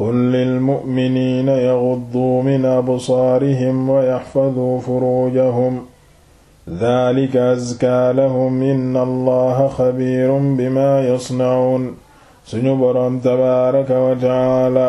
qul lilmu'miniina yagudduu min absaarihim wa yaxfaduu furuujahum daalika azkaa lahum inna allaha xabiirun bimaa yasnacuun suñu boroom wa tacaala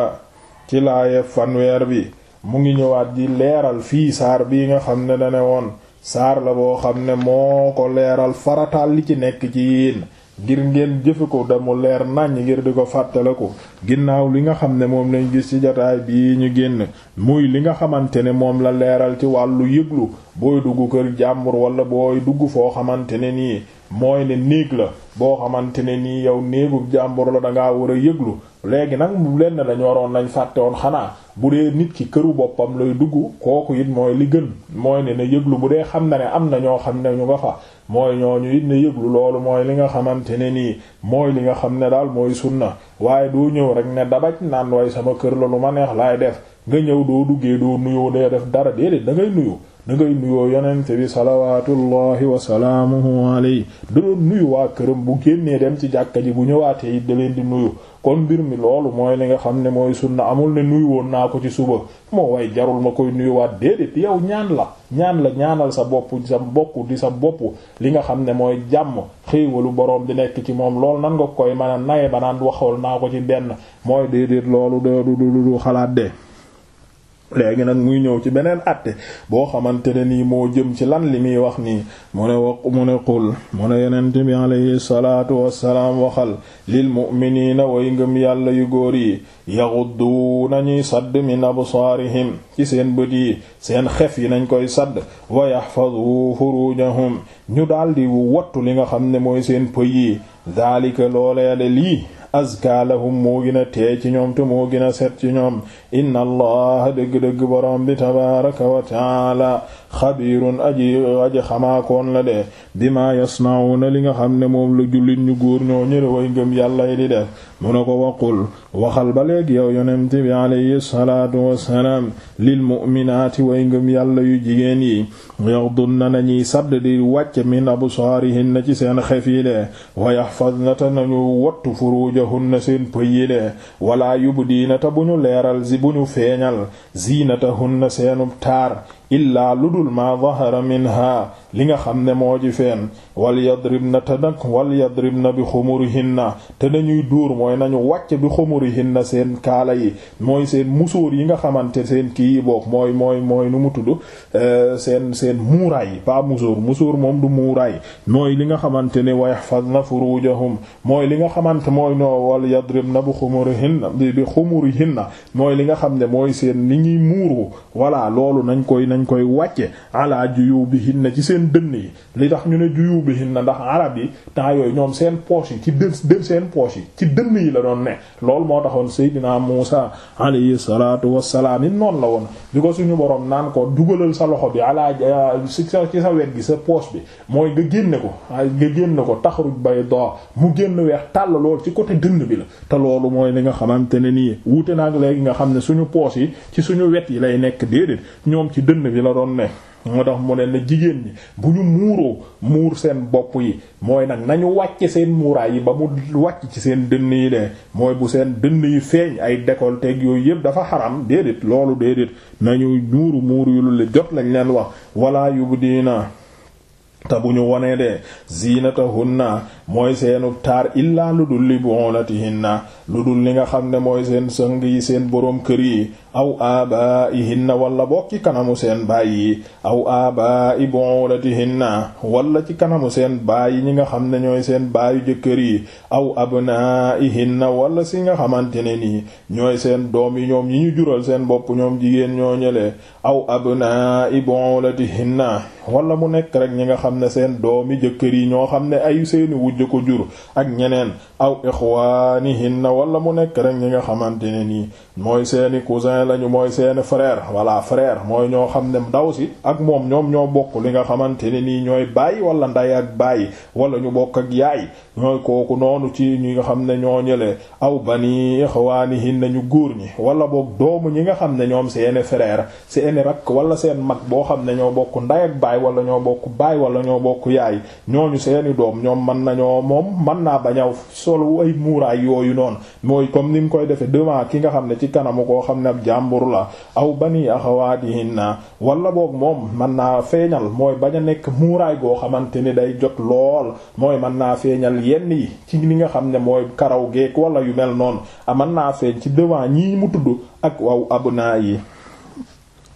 ci laaya fanweer bi mu ngi ñëwaat di leeral fii saar bii nga xam ne dane won saar la boo xam ne moo ko leeral farataal li ci nekk ci yiin ngir ngeen jëfe ko damu leer naññ ngir di ko fàttale ko ginnaaw li nga xam ne moom lay gis ci jataay bii ñu génn muy li nga xamante ne moom la leeral ci wàllu yëglu booy dugg kër jàmbur wala booy dugg foo xamante ne nii mooy ne néeg la boo xamante ne nii yow néegub jàmbur la dangaa war a yëglu léegi nag mu lenn dañu waroon nañ fàtte woon xanaa bu dee nit ki këru boppam lay dugg kooku it mooy li gën mooy ne ne yëglu bu dee xam na ne am na ñoo xam ne ñu nga fa mooy ñu it ne yëglu loolu mooy li nga xamante ne nii mooy li nga xam ne daal mooy na waaye doo ñëw rek ne dabaj naan way sama kër la lu ma neex laay def nga ñëw doo duggee doo nuyoo dee def dara déedéet da ngay nuyu da ngay nuyoo yonente bi salawaatullahi wa salaamuhu alayhi da doon nuyu waa këram bu génnee dem ci jàkka ji bu ñëwaatee it da di nuyu kon mbir mi loolu mooy li nga xam ne mooy sunna amul ne nuyu woon naa ko ci suba moo way jarul ma koy nuyuwaat déedéet yow ñaan la ñaan la ñaanal sa bopp sa bokk di sa bopp li nga xam ne mooy jàmm walu borom bi nekk ci moom loolu nan nga koy mën a naye ba naan waxool naa ko ci benn mooy déedéet loolu du du du xalaat de léegi nag muy ñëw ci beneen àtte boo xamante ne nii moo jëm ci lan li muy wax nii mu ne wax mu ne xul mu ne yonent bi alayhi salaatu wassalaam waxal lil mu'miniina way ngëm yàlla yu góor yi yaxuddu nañuy sadd min absaarihim ci seen bët yi seen xef yi nañ koy sadd wa yaxfadu ñu daldi wottu li nga xam ne mooy seen pëy yi daalika loolee lii azka lahum moo gën a teey ci ñoom te moo gën a set ci ñoom inna allaha dëgg-dëgg borom bi tabaraka wa taala xabirun aji aji xamaakoon la de bima yasnauna li nga xam ne moom la jullit ñu góor ñoo ñëre way ngëm yàlla yi di def mu ne ko waqul waxal ba léegi yow yonent bi alayhi salaatu wassalaam lil mu'minaati way ngëm yàlla yu jigéen yi yaghdunna nañuy sadd di wàcc min absaarihinna ci seen xef yi de wa yahfazna nañu wattu furuj furujahunna seen pëyyile walaa yubdiina ta bu ñu leeral si bu ñu feeñal na seenub taar illaa lu dul maa zahara minha li nga xam ne moo ji fen wal yadribna te nag wal na bi xumurihinna te nañuy dóor mooy nañu wàcc bi xumurihinna seen kaala yi mooy seen musóor yi nga xamante seen kii yi boog mooy mooy mooy nu mu tudd euh, seen seen muuraay yi pas musóor musóor moom du muuraay mooy li nga xamante ne wa yahfazna furujahum mooy li nga xamante mooy noo wal yadribna bi xumurihinna bi xumurihinna mooy li nga xam ne mooy seen li ñuy muuru walla loolu nañ koy nañ dinañ koy wàcce ala juyubihinna ci seen dënn yi li tax ñu ne juyubihinna ndax arab yi temps yooyu ñoom seen poche yi ci dën dën seen poche yi ci dënn yi la doon ne loolu moo taxoon Seydina Muusa alayhi salaatu wassalaam yi noonu la woon bi ko suñu boroom naan ko dugalal sa loxo bi ala ci sa ci sa gi sa poche bi mooy nga génne ko nga génne ko taxaruj bay do mu génn weex tàll lool ci côté dënn bi la te loolu mooy li nga xamante ne nii wuute naag léegi nga xam ne suñu poos yi ci suñu wet yi lay nekk déedéet ñoom ci dënn bi la doon ne moo tax mu ne na jigéen ñi bu ñu muuroo muur seen bopp yi mooy nag nañu wàcce seen muuraay yi ba mu wàcc ci seen dënn yi de mooy bu seen dënn yi feeñ ay décolleté teg yooyu yëpp dafa xaram déedéet loolu déedéet nañu muuru muur yu lu jot lañ leen wax walla yóbbu diina te bu ñu wonee de zinatahunna mooy seenu taar illaa lu dul li bu'ulatihinna lu dul li nga xam ne mooy seen sëng yi seen boroom kër yi aw aabaa'ihinna wala walla ci kanamu seen baay yi aw aabaa'i bu'ulatihinna wala ci kanamu seen baay yi ñi nga xam ne ñooy seen baayu jëkkër yi aw abnaa'ihinna wala si nga xamante ne nii ñooy seen doom yi ñoom yi ñu jural seen bopp ñoom jigéen ñoo ñële aw abnaa'i bu'ulatihinna wala mu nekk rek ñi nga xam ne seen doomi jëkkër yi ñoo xam ne ay seeni wujj ko jur ak ñeneen aw ixwaanihinna wala mu nekk rek ñi nga xamante ne nii mooy seeni cousin lañu mooy seeni frère walla frère mooy ñoo xam ne ndaw si ak moom ñoom ñoo bokk li nga xamante ne nii ñooy baay wala nday ak bàyyi wala ñu bokk ak yaay ñooy kooku noonu ci ñi nga xam ne ñoo ñële aw bani ixwaanihin nañu góor ñi wala boog doomu ñi nga xam ne ñoom seeni frère seeni rakk wala seen mag boo xam ne ñoo bokk nday ak wala ñoo bokk baay wala ñoo bokk yaay ñooñu seeni doom ñoom mën nañoo moom mën naa bañaw solu ay muuraay yooyu noonu mooy comme ni mu koy defe devant ki nga xam ne ci ci kanamu koo xam ne ab jàmbur la aw bani naa wala boog moom mën naa feeñal mooy bañ a nekk muuraay goo xamante ni day jot lool mooy mën naa feeñal yenn yi ci li nga xam ne mooy karaw geek wala yu mel noonu a mën naa feeñ ci devant ñii mu tudd ak waw abnaa yi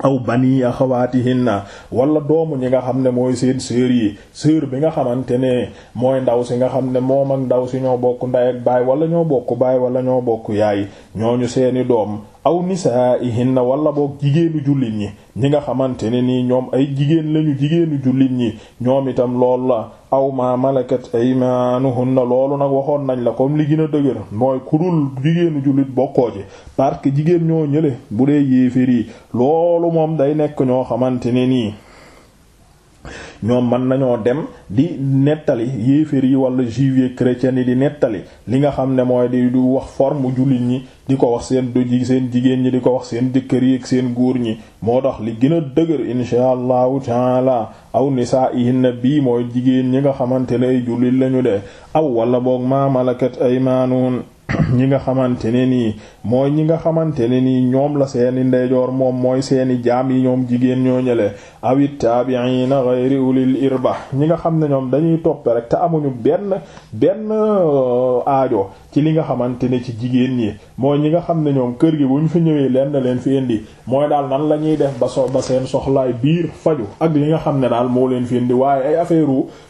aw bani axawaatihinna wala doomu ñi nga xam ne mooy seen sœur yi sœur bi nga xamante ne mooy ndaw si nga xam ne moom ak ndaw si ñoo bokk ndey ak baay wala ñoo bokk baay wala ñoo bokk yaay ñooñu seeni doom aw nisaaihinna wala boog jigéenu jullit ñi ñi nga xamante ne nii ñoom ay jigéen lañu jigéenu jullit ñi ñoom itam loolu la aw ma malakat aymaanuhunna loolu nag waxoon nañ la comme li gën a dëgër mooy kurul jigéenu jullit bokkoo ci parce jigéen ñoo ñële bu dee yéefér loolu moom day nekk ñoo xamante ne nii ñoom mën nañoo dem di nettali yéeféer yi wala juive chrétien yi di nettali li nga xam ne mooy di du wax forme jullit ñi di ko wax seen doji seen jigéen ñi di ko wax seen jëkkër yi ak seen góor ñi moo tax li gën a dëgër insha allahu taala aw nisaa ihinna bii mooy jigéen ñi nga xamante ne ay jullit lañu de aw wala boog ma malakat aymanuun ñi nga xamante ne nii mooy ñi nga xamante ne nii ñoom la seeni ndeyjoor moom mooy seeni jaam yi ñoom jigéen ñoo ñële awit taabiina ghayri ulil irba ñi nga xam ne ñoom dañuy toppe rek te amuñu benn benn euh, aajo ci li nga xamante ne ci jigéen ñi mooy ñi nga xam ne ñoom kër gi buñ fi ñëwee leen leen fi indi mooy daal nan la ñuy def ba so ba seen soxlaay biir faju ak li nga xam ne daal moo leen fi indi waaye ay affaire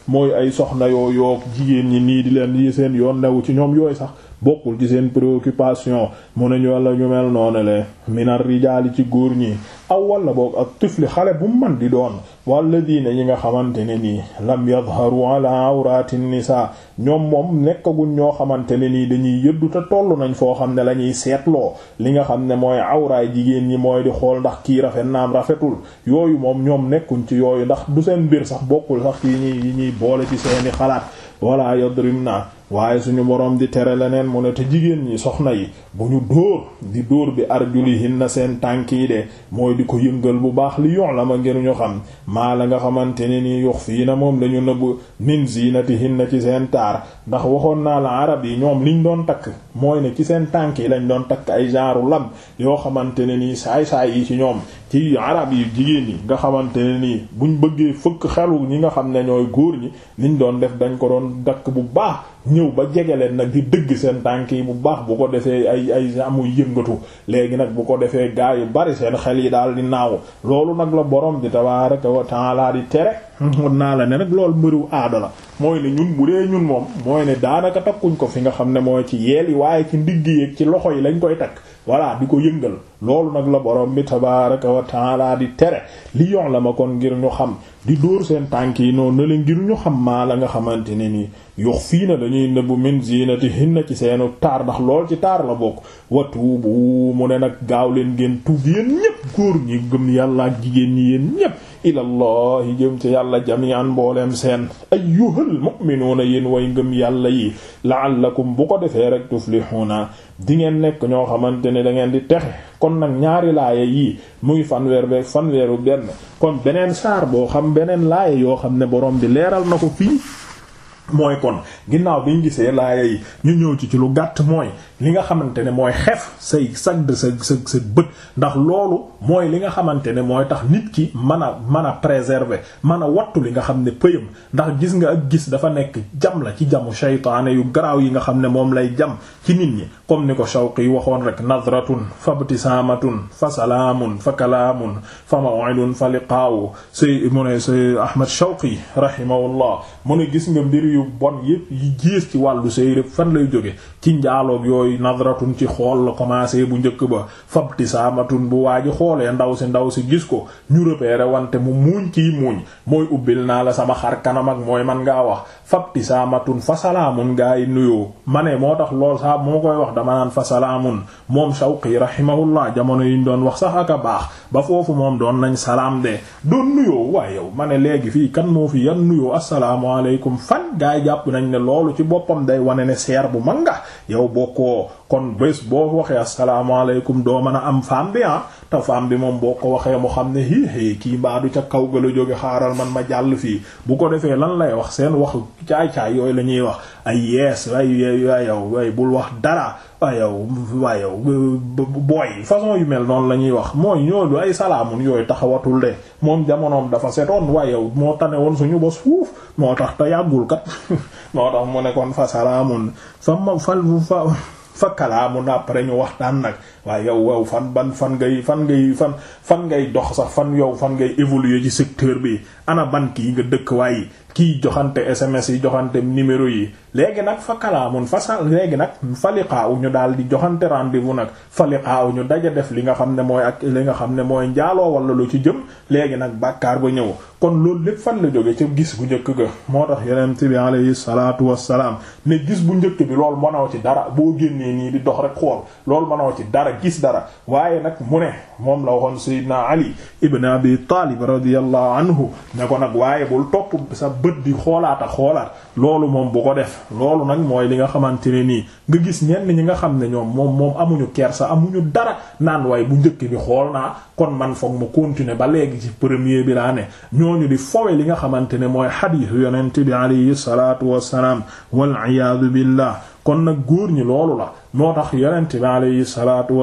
mooy ay soxna yoo jigéen ñi nii di leen yi seen yoon newu ci ñoom yooyu sax bokkul ci seen préoccupation mu ne ñu walla ñu mel noonu le minar rijaali ci góor ñi aw walla boog ak tifli xale bu man di doon walla diine ñi nga xamante ne nii lam yadharu ala awrati nisa ñoom moom nekkaguñ ñoo xamante ne nii dañuy yëddu te toll nañ foo xam ne lañuy seetloo li nga xam ne mooy awraay jigéen ñi mooy di xool ndax kii rafet naam rafetul yooyu moom ñoom nekkuñ ci yooyu ndax du seen mbir sax bokkul sax yi ñuy yi ñuy boole ci seeni xalaat walla yadrim waaye suñu boroom di tere leneen mu ne te jigéen ñi soxna yi bu ñu dóor di dóor bi arjulihinna seen tànk yi de mooy di ko yëngal bu baax li yoon la ma ngir ñu xam maa la nga xamante ne nii yux fii na moom lañu nëbb min zinatihinna ci seen taar ndax waxoon naa la arab yi ñoom liñ doon takk mooy ne ci seen tànk yi lañ doon takk ay genre lam yoo xamante ne nii saay saay yi ci ñoom ci arab yi jigéen yi nga xamante ne nii buñ bëggee fëkk xelu ñi nga xam ne ñooy góor ñi liñ doon def dañ ko doon dakk bu baax ñëw ba jege leen nag di dëgg seen tànk yi bu baax bu ko defee ay ay amuy yëngatu léegi nag bu ko defee gaa yu bari seen xel yi daal di naaw loolu nag la borom di tabaaraka wa laa di tere mën naa la ne rek loolu mbiru aadala mooy ne ñun bu dee ñun moom mooy ne daanaka takkuñ ko fi nga xam ne mooy ci yeel yi waaye ci ndigg yeeg ci loxo yi lañ koy takk voilà di ko yëngal loolu nag la borom bi tabaraka wa taala di tere li yon la ma kon ngir ñu xam di dóor seen tànk yi noonu na leen ngir ñu xam maa la nga xamante ne nii yox fii na dañuy nëbbu min zinatihin na ci seenu taar ndax lool ci taar la bokk wa tuubu mu ne nag gaaw leen ngeen tuub yéen ñépp yàlla jigéen ñi yéen ñépp ilallahi jëm ci yàlla jamian mbooleem seen ayyuhal mu'minuuna yéen way ngëm yàlla yi la'allakum bu ko defee rek tuflihuuna di ngeen nekk ñoo xamante ne da ngeen di texe kon nag ñaari laaya yii muy fanweer beeg fanweeru benn kon beneen saar boo xam beneen laaya yoo xam ne borom bi leeral na ko fii mooy kon ginnaaw biñ gisee laaya yi ñu ñëw ci ci lu gàtt mooy li nga xamante ne mooy xef say sag sa sa sa bët ndax loolu mooy li nga xamante ne mooy tax nit ki mën a mën a préserver mën a wattu li nga xam ne pëyam ndax gis nga ak gis dafa nekk jam la ci jamu shaytaane yu garaaw yi nga xam ne moom lay jam ci nit ñi comme ni ko Shawqi waxoon rek nadratun fa btisaamatun fa salaamun fa kalaamun fa maw'idun fa liqaawu say mu ne Ahmad Shawqi rahimahullah mu ne gis nga mbir yu bon yëpp yi gées ci wàllu say rek fan lay jóge ci njaaloog yooyu mooy nadratun ci xool la commencé bu njëkk ba fabtisaamatun bu waa ji xoolee ndaw si ndaw si gis ko ñu repérer wante mu muuñ kii muuñ mooy ubbil naa la sama xar kanam ak mooy man ngaa wax fabtisaamatun fa salaamun gaa yi nuyoo ma ne moo tax lool saa moo koy wax dama naan fa salaamun moom Shawqi rahimahullah jamono yi ñu doon wax sax ak a baax ba foofu moom doon nañ salaam de doon nuyoo waaye yow ma ne léegi fii kan moo fi yan nuyoo assalaamu aleykum fan gaa yi jàpp nañ ne ci boppam day wane ne seer bu mag kon bés boo waxee asalaamaaleykum doo mën a am femme bi ah te femme bi moom boo ko waxee mu xam ne hi hi kii mbaadu ca kaw ga la jóge xaaral man ma jàll fii bu ko defee lan lay wax seen waxu caay-caay yooyu la ñuy wax ay yees ay waaye bul wax dara waayow waayow booy façon yu mel noonu la ñuy wax mooy ñoolu ay salaamun yooyu taxawatul de moom jamonoom dafa setoon waayow moo tane woon suñu bos fuuf moo tax te yàggul kat moo tax mu ne fa salaamun fa fa kalaamu na ñu waxtaan nag waaye yow wow fan ban fan ngay fan ngay fan fan ngay dox sax fan yow fan ngay évoluer ci secteur bi ana ban kii nga dëkk waaye kii joxante SMS yi joxante numéro yi léegi nag fa kalaamun fa sa léegi nag fa liqaaw ñu daal di joxante rendez-vous nag fa liqaaw ñu daja def li nga xam ne mooy ak li nga xam ne mooy njaaloo walla lu ci jëm léegi nag bàkkaar ba ñëw kon loolu lépp fan la jóge ca gis bu njëkk ga moo tax yonent bi alayhi salaatu wassalaam ne gis bu njëkk bi loolu mënoo ci dara boo génnee nii di dox rek xool loolu mënoo ci dara gis dara waaye nag mu ne moom la waxoon Seydina Ali ibn Abi Taalib radiyallahu anhu ne ko bët di xoolaat a xoolaat loolu moom bu ko def loolu nag mooy li nga xamante ne nii nga gis ñenn ñi nga xam ne ñoom moom moom amuñu kersa amuñu dara naan waaye bu njëkk bi xool naa kon man foog ma continuer ba léegi ci premier bi laa ne ñooñu di fowe li nga xamante ne mooy xadiisu yonent bi alayhi salaatu wassalaam wal iyaadu billah kon nag góor ñi loolu la moo tax yonent bi alayhi salaatu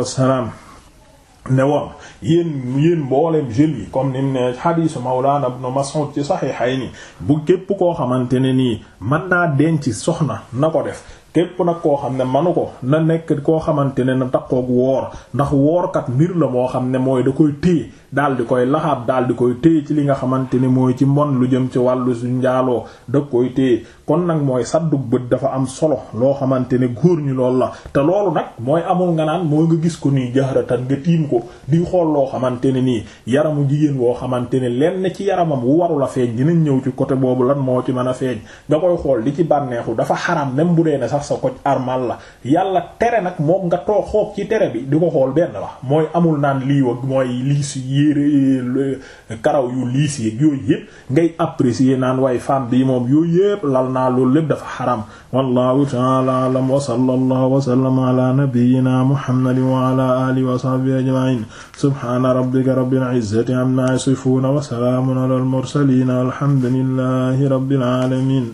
ne woon yéen yéen mboolem jël yi comme ni mu ne xadiisu Mawlaana ma Mas'ud ci Saxiixayni bu képp koo xamante ne nii mën naa denc soxna na ko def képp nag koo xam ne manu ko na nekk koo xamante ne na takkoog woor ndax woorkat mbir la moo xam ne mooy da koy téye daal di koy laxaab daal di koy téye ci li nga xamante ni mooy ci mon lu jëm ci wàllu su njaaloo da koy téye kon nag mooy saddug bët dafa am solo loo xamante ne góor ñi lool la te loolu nag mooy amul nga naan moo nga gis ko nii jahratan nga tiim ko di xool loo xamante ne nii yaramu jigéen woo xamante ne lenn ci yaramam wu warul a feeñ dinañ ñëw ci côté boobu lan moo ci mën a feeñ nga xool di ci bànneexu dafa xaram même bu dee ne sax sa armal la yàlla tere nag nga too xoob ci tere bi di ko xool lii mooy lii si yére karaw yu liis yeeg yooyu yëpp ngay apprécier naan waaye femme bi moom yooyu yëpp lal naa loolu lépp dafa xaram wallahu ta'ala a'lam wa sallallahu wa sallama ala nabiyyina muhammadin wa ala alihi wa sahbihi ajma'in subhana rabbika rabbil izzati amma yasifun wa salamun ala al mursalin alhamdulillahi rabbil alamin